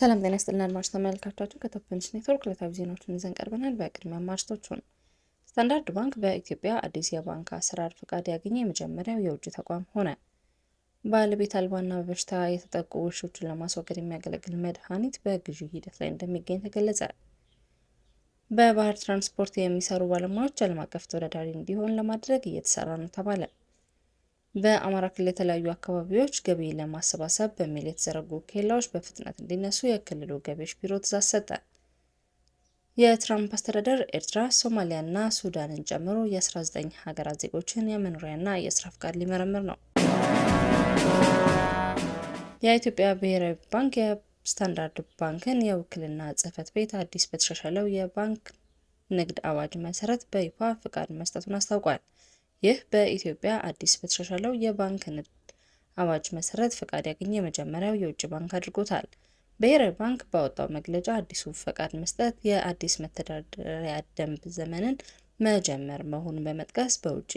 ሰላም ጤና ይስጥልን አድማጭ ተመልካቾቻችን፣ ከቶፕንሽ ኔትወርክ ዕለታዊ ዜናዎችን ይዘን ቀርበናል። በቅድሚያ አርዕስቶቹን። ስታንዳርድ ባንክ በኢትዮጵያ አዲስ የባንክ አሰራር ፈቃድ ያገኘ የመጀመሪያው የውጭ ተቋም ሆነ። ባለቤት አልባና በበሽታ የተጠቁ ውሾችን ለማስወገድ የሚያገለግል መድኃኒት በግዢ ሂደት ላይ እንደሚገኝ ተገለጸ። በባህር ትራንስፖርት የሚሰሩ ባለሙያዎች ዓለም አቀፍ ተወዳዳሪ እንዲሆን ለማድረግ እየተሰራ ነው ተባለ። በአማራ ክልል የተለያዩ አካባቢዎች ገቢ ለማሰባሰብ በሚል የተዘረጉ ኬላዎች በፍጥነት እንዲነሱ የክልሉ ገቢዎች ቢሮ ትዕዛዝ ሰጠ። የትራምፕ አስተዳደር ኤርትራ፣ ሶማሊያና ሱዳንን ጨምሮ የ19 ሀገራት ዜጎችን የመኖሪያና የስራ ፍቃድ ሊመረምር ነው። የኢትዮጵያ ብሔራዊ ባንክ የስታንዳርድ ባንክን የውክልና ጽህፈት ቤት አዲስ በተሻሻለው የባንክ ንግድ አዋጅ መሰረት በይፋ ፍቃድ መስጠቱን አስታውቋል። ይህ በኢትዮጵያ አዲስ በተሻሻለው የባንክ ንግድ አዋጅ መሰረት ፈቃድ ያገኘ የመጀመሪያው የውጭ ባንክ አድርጎታል። ብሔራዊ ባንክ ባወጣው መግለጫ አዲሱ ፈቃድ መስጠት የአዲስ መተዳደሪያ ደንብ ዘመንን መጀመር መሆኑን በመጥቀስ በውጪ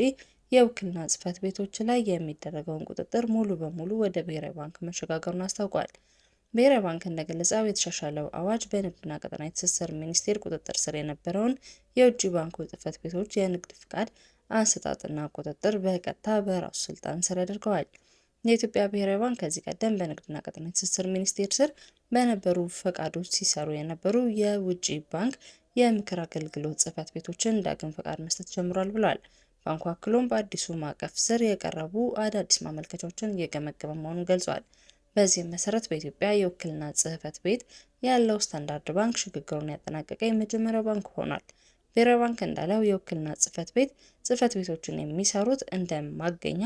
የውክልና ጽህፈት ቤቶች ላይ የሚደረገውን ቁጥጥር ሙሉ በሙሉ ወደ ብሔራዊ ባንክ መሸጋገሩን አስታውቋል። ብሔራዊ ባንክ እንደገለጸው የተሻሻለው አዋጅ በንግድና ቀጠና ትስስር ሚኒስቴር ቁጥጥር ስር የነበረውን የውጭ ባንክ ጽህፈት ቤቶች የንግድ ፍቃድ አሰጣጥና ቁጥጥር በቀጥታ በራሱ ስልጣን ስር ያደርገዋል። የኢትዮጵያ ብሔራዊ ባንክ ከዚህ ቀደም በንግድና ቀጣናዊ ትስስር ሚኒስቴር ስር በነበሩ ፈቃዶች ሲሰሩ የነበሩ የውጭ ባንክ የምክር አገልግሎት ጽህፈት ቤቶችን ዳግም ፈቃድ መስጠት ጀምሯል ብሏል። ባንኩ አክሎም በአዲሱ ማዕቀፍ ስር የቀረቡ አዳዲስ ማመልከቻዎችን እየገመገመ መሆኑን ገልጿል። በዚህም መሰረት በኢትዮጵያ የውክልና ጽህፈት ቤት ያለው ስታንዳርድ ባንክ ሽግግሩን ያጠናቀቀ የመጀመሪያው ባንክ ሆኗል። ብሔራዊ ባንክ እንዳለው የውክልና ጽሕፈት ቤት ጽፈት ቤቶችን የሚሰሩት እንደ ማገኛ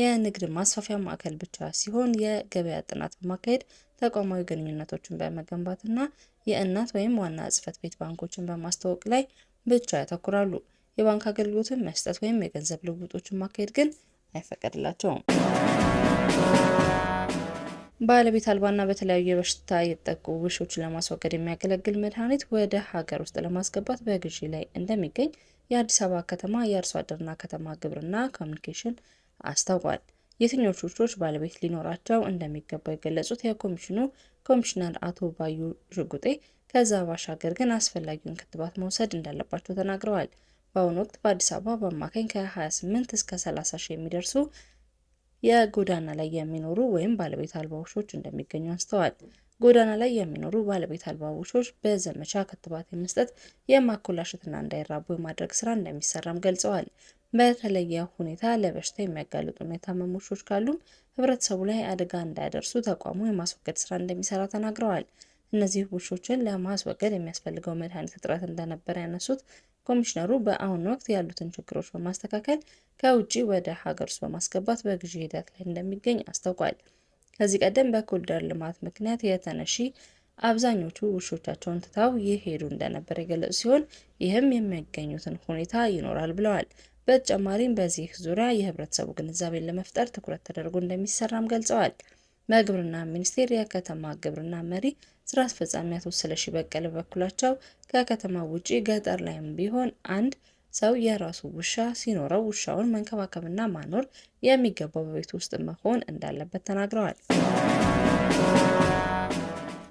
የንግድ ማስፋፊያ ማዕከል ብቻ ሲሆን የገበያ ጥናት በማካሄድ ተቋማዊ ግንኙነቶችን በመገንባትና የእናት ወይም ዋና ጽህፈት ቤት ባንኮችን በማስተዋወቅ ላይ ብቻ ያተኩራሉ። የባንክ አገልግሎትን መስጠት ወይም የገንዘብ ልውውጦችን ማካሄድ ግን አይፈቀድላቸውም። ባለቤት አልባና በተለያዩ የበሽታ የጠቁ ውሾች ለማስወገድ የሚያገለግል መድኃኒት ወደ ሀገር ውስጥ ለማስገባት በግዢ ላይ እንደሚገኝ የአዲስ አበባ ከተማ የአርሶ አደርና ከተማ ግብርና ኮሚኒኬሽን አስታውቋል። የትኞቹ ውሾች ባለቤት ሊኖራቸው እንደሚገባ የገለጹት የኮሚሽኑ ኮሚሽነር አቶ ባዩ ሽጉጤ ከዛ ባሻገር ግን አስፈላጊውን ክትባት መውሰድ እንዳለባቸው ተናግረዋል። በአሁኑ ወቅት በአዲስ አበባ በአማካኝ ከ28 እስከ 30 ሺህ የሚደርሱ የጎዳና ላይ የሚኖሩ ወይም ባለቤት አልባ ውሾች እንደሚገኙ አንስተዋል። ጎዳና ላይ የሚኖሩ ባለቤት አልባ ውሾች በዘመቻ ክትባት የመስጠት የማኮላሸትና እንዳይራቡ የማድረግ ስራ እንደሚሰራም ገልጸዋል። በተለየ ሁኔታ ለበሽታ የሚያጋልጡ የታመሙ ውሾች ካሉም ህብረተሰቡ ላይ አደጋ እንዳያደርሱ ተቋሙ የማስወገድ ስራ እንደሚሰራ ተናግረዋል። እነዚህ ውሾችን ለማስወገድ የሚያስፈልገው መድኃኒት እጥረት እንደነበረ ያነሱት ኮሚሽነሩ በአሁኑ ወቅት ያሉትን ችግሮች በማስተካከል ከውጭ ወደ ሀገር ውስጥ በማስገባት በግዢ ሂደት ላይ እንደሚገኝ አስታውቋል። ከዚህ ቀደም በኮሪደር ልማት ምክንያት የተነሺ አብዛኞቹ ውሾቻቸውን ትተው ይሄዱ እንደነበር የገለጹ ሲሆን ይህም የሚያገኙትን ሁኔታ ይኖራል ብለዋል። በተጨማሪም በዚህ ዙሪያ የህብረተሰቡ ግንዛቤን ለመፍጠር ትኩረት ተደርጎ እንደሚሰራም ገልጸዋል። በግብርና ሚኒስቴር የከተማ ግብርና መሪ ስራ አስፈጻሚ አቶ ስለሺ በቀለ በኩላቸው ከከተማ ውጪ ገጠር ላይም ቢሆን አንድ ሰው የራሱ ውሻ ሲኖረው ውሻውን መንከባከብና ማኖር የሚገባው በቤት ውስጥ መሆን እንዳለበት ተናግረዋል።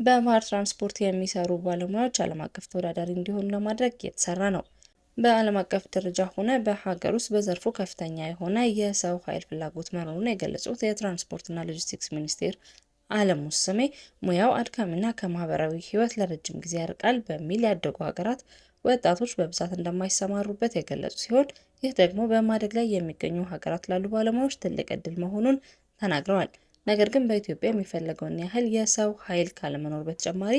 በባህር ትራንስፖርት የሚሰሩ ባለሙያዎች ዓለም አቀፍ ተወዳዳሪ እንዲሆኑ ለማድረግ እየተሰራ ነው። በዓለም አቀፍ ደረጃ ሆነ በሀገር ውስጥ በዘርፉ ከፍተኛ የሆነ የሰው ኃይል ፍላጎት መኖሩን የገለጹት የትራንስፖርትና ሎጂስቲክስ ሚኒስቴር አለሙ ስሜ ሙያው አድካሚና ከማህበራዊ ህይወት ለረጅም ጊዜ ያርቃል በሚል ያደጉ ሀገራት ወጣቶች በብዛት እንደማይሰማሩበት የገለጹ ሲሆን ይህ ደግሞ በማደግ ላይ የሚገኙ ሀገራት ላሉ ባለሙያዎች ትልቅ እድል መሆኑን ተናግረዋል። ነገር ግን በኢትዮጵያ የሚፈለገውን ያህል የሰው ኃይል ካለመኖር በተጨማሪ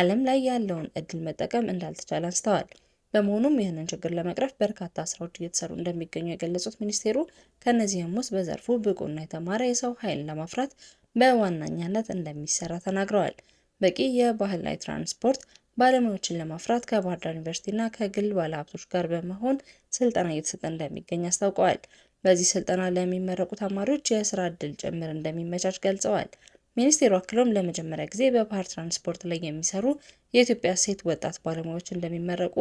ዓለም ላይ ያለውን እድል መጠቀም እንዳልተቻለ አንስተዋል። በመሆኑም ይህንን ችግር ለመቅረፍ በርካታ ስራዎች እየተሰሩ እንደሚገኙ የገለጹት ሚኒስቴሩ ከእነዚህም ውስጥ በዘርፉ ብቁና የተማረ የሰው ኃይል ለማፍራት በዋነኛነት እንደሚሰራ ተናግረዋል። በቂ የባህር ላይ ትራንስፖርት ባለሙያዎችን ለማፍራት ከባህር ዳር ዩኒቨርሲቲና ከግል ባለሀብቶች ጋር በመሆን ስልጠና እየተሰጠ እንደሚገኝ አስታውቀዋል። በዚህ ስልጠና ለሚመረቁ ተማሪዎች የስራ እድል ጭምር እንደሚመቻች ገልጸዋል። ሚኒስቴሩ አክሎም ለመጀመሪያ ጊዜ በባህር ትራንስፖርት ላይ የሚሰሩ የኢትዮጵያ ሴት ወጣት ባለሙያዎች እንደሚመረቁ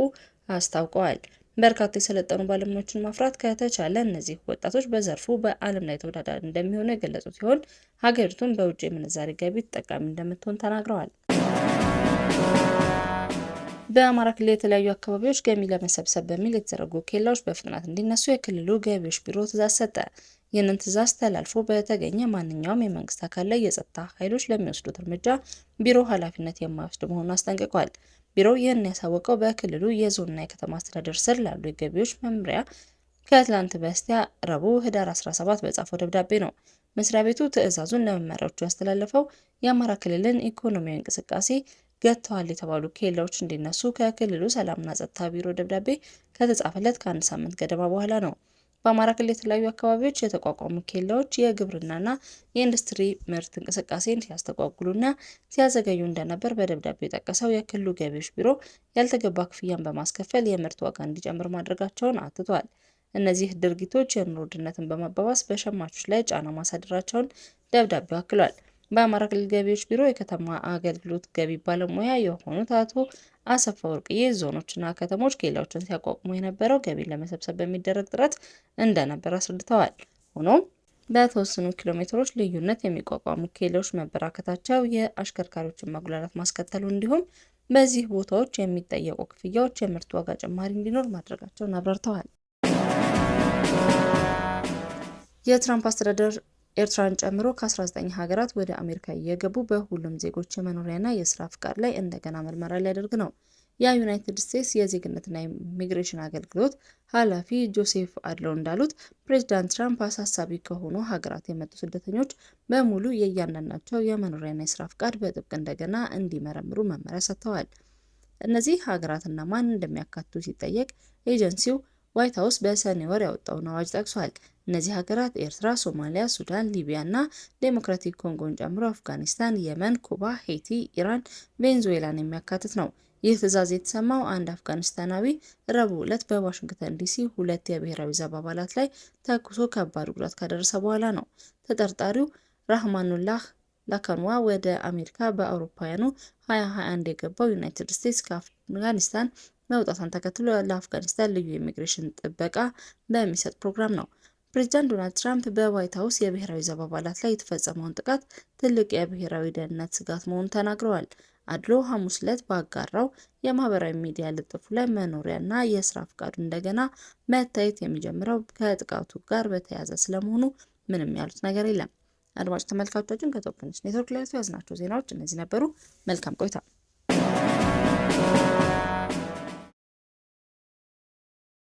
አስታውቀዋል። በርካታ የሰለጠኑ ባለሙያዎችን ማፍራት ከተቻለ እነዚህ ወጣቶች በዘርፉ በዓለም ላይ ተወዳዳሪ እንደሚሆኑ የገለጹ ሲሆን ሀገሪቱን በውጭ የምንዛሬ ገቢ ተጠቃሚ እንደምትሆን ተናግረዋል። በአማራ ክልል የተለያዩ አካባቢዎች ገቢ ለመሰብሰብ በሚል የተዘረጉ ኬላዎች በፍጥነት እንዲነሱ የክልሉ ገቢዎች ቢሮ ትዕዛዝ ሰጠ። ይህንን ትዕዛዝ ተላልፎ በተገኘ ማንኛውም የመንግስት አካል ላይ የጸጥታ ኃይሎች ለሚወስዱት እርምጃ ቢሮ ኃላፊነት የማይወስድ መሆኑን አስጠንቅቋል። ቢሮው ይህን ያሳወቀው በክልሉ የዞንና የከተማ አስተዳደር ስር ላሉ የገቢዎች መምሪያ ከትላንት በስቲያ ረቡዕ ህዳር 17 በጻፈው ደብዳቤ ነው። መስሪያ ቤቱ ትዕዛዙን ለመመሪያዎቹ ያስተላለፈው የአማራ ክልልን ኢኮኖሚያዊ እንቅስቃሴ ገጥተዋል የተባሉ ኬላዎች እንዲነሱ ከክልሉ ሰላምና ጸጥታ ቢሮ ደብዳቤ ከተጻፈለት ከአንድ ሳምንት ገደማ በኋላ ነው። በአማራ ክልል የተለያዩ አካባቢዎች የተቋቋሙ ኬላዎች የግብርናና የኢንዱስትሪ ምርት እንቅስቃሴን ሲያስተጓጉሉና ሲያዘገዩ እንደነበር በደብዳቤው የጠቀሰው የክልሉ ገቢዎች ቢሮ ያልተገባ ክፍያን በማስከፈል የምርት ዋጋ እንዲጨምር ማድረጋቸውን አትቷል። እነዚህ ድርጊቶች የኑሮ ውድነትን በማባባስ በሸማቾች ላይ ጫና ማሳደራቸውን ደብዳቤው አክሏል። በአማራ ክልል ገቢዎች ቢሮ የከተማ አገልግሎት ገቢ ባለሙያ የሆኑት አቶ አሰፋ ወርቅዬ ዞኖችና ከተሞች ኬላዎችን ሲያቋቁሙ የነበረው ገቢን ለመሰብሰብ በሚደረግ ጥረት እንደነበር አስረድተዋል። ሆኖም በተወሰኑ ኪሎ ሜትሮች ልዩነት የሚቋቋሙ ኬላዎች መበራከታቸው የአሽከርካሪዎችን መጉላላት ማስከተሉ እንዲሁም በዚህ ቦታዎች የሚጠየቁ ክፍያዎች የምርት ዋጋ ጭማሪ እንዲኖር ማድረጋቸውን አብራርተዋል። የትራምፕ አስተዳደር ኤርትራን ጨምሮ ከ19 ሀገራት ወደ አሜሪካ እየገቡ በሁሉም ዜጎች የመኖሪያና የስራ ፍቃድ ላይ እንደገና ምርመራ ሊያደርግ ነው። የዩናይትድ ስቴትስ የዜግነትና ኢሚግሬሽን አገልግሎት ኃላፊ ጆሴፍ አድለው እንዳሉት ፕሬዚዳንት ትራምፕ አሳሳቢ ከሆኑ ሀገራት የመጡ ስደተኞች በሙሉ የእያንዳንዳቸው የመኖሪያና የስራ ፍቃድ በጥብቅ እንደገና እንዲመረምሩ መመሪያ ሰጥተዋል። እነዚህ ሀገራትና ማን እንደሚያካቱ ሲጠየቅ ኤጀንሲው ዋይት ሀውስ በሰኔ ወር ያወጣውን አዋጅ ጠቅሷል። እነዚህ ሀገራት ኤርትራ፣ ሶማሊያ፣ ሱዳን፣ ሊቢያ እና ዴሞክራቲክ ኮንጎን ጨምሮ አፍጋኒስታን፣ የመን፣ ኩባ፣ ሄይቲ፣ ኢራን፣ ቬንዙዌላን የሚያካትት ነው። ይህ ትዕዛዝ የተሰማው አንድ አፍጋኒስታናዊ ረቡዕ ዕለት በዋሽንግተን ዲሲ ሁለት የብሔራዊ ዘብ አባላት ላይ ተኩሶ ከባድ ጉዳት ካደረሰ በኋላ ነው። ተጠርጣሪው ራህማኑላህ ላካንዋ ወደ አሜሪካ በአውሮፓውያኑ 2021 የገባው ዩናይትድ ስቴትስ ከአፍጋኒስታን መውጣቷን ተከትሎ ለአፍጋኒስታን ልዩ የኢሚግሬሽን ጥበቃ በሚሰጥ ፕሮግራም ነው። ፕሬዚዳንት ዶናልድ ትራምፕ በዋይት ሀውስ የብሔራዊ ዘብ አባላት ላይ የተፈጸመውን ጥቃት ትልቅ የብሔራዊ ደህንነት ስጋት መሆኑን ተናግረዋል። አድሎ ሐሙስ ዕለት ባጋራው የማህበራዊ ሚዲያ ልጥፉ ላይ መኖሪያና የስራ ፍቃዱ እንደገና መታየት የሚጀምረው ከጥቃቱ ጋር በተያያዘ ስለመሆኑ ምንም ያሉት ነገር የለም። አድማጭ ተመልካቾቻችን ከቶፕ ኔትወርክ ላይ ያዝናቸው ዜናዎች እነዚህ ነበሩ። መልካም ቆይታ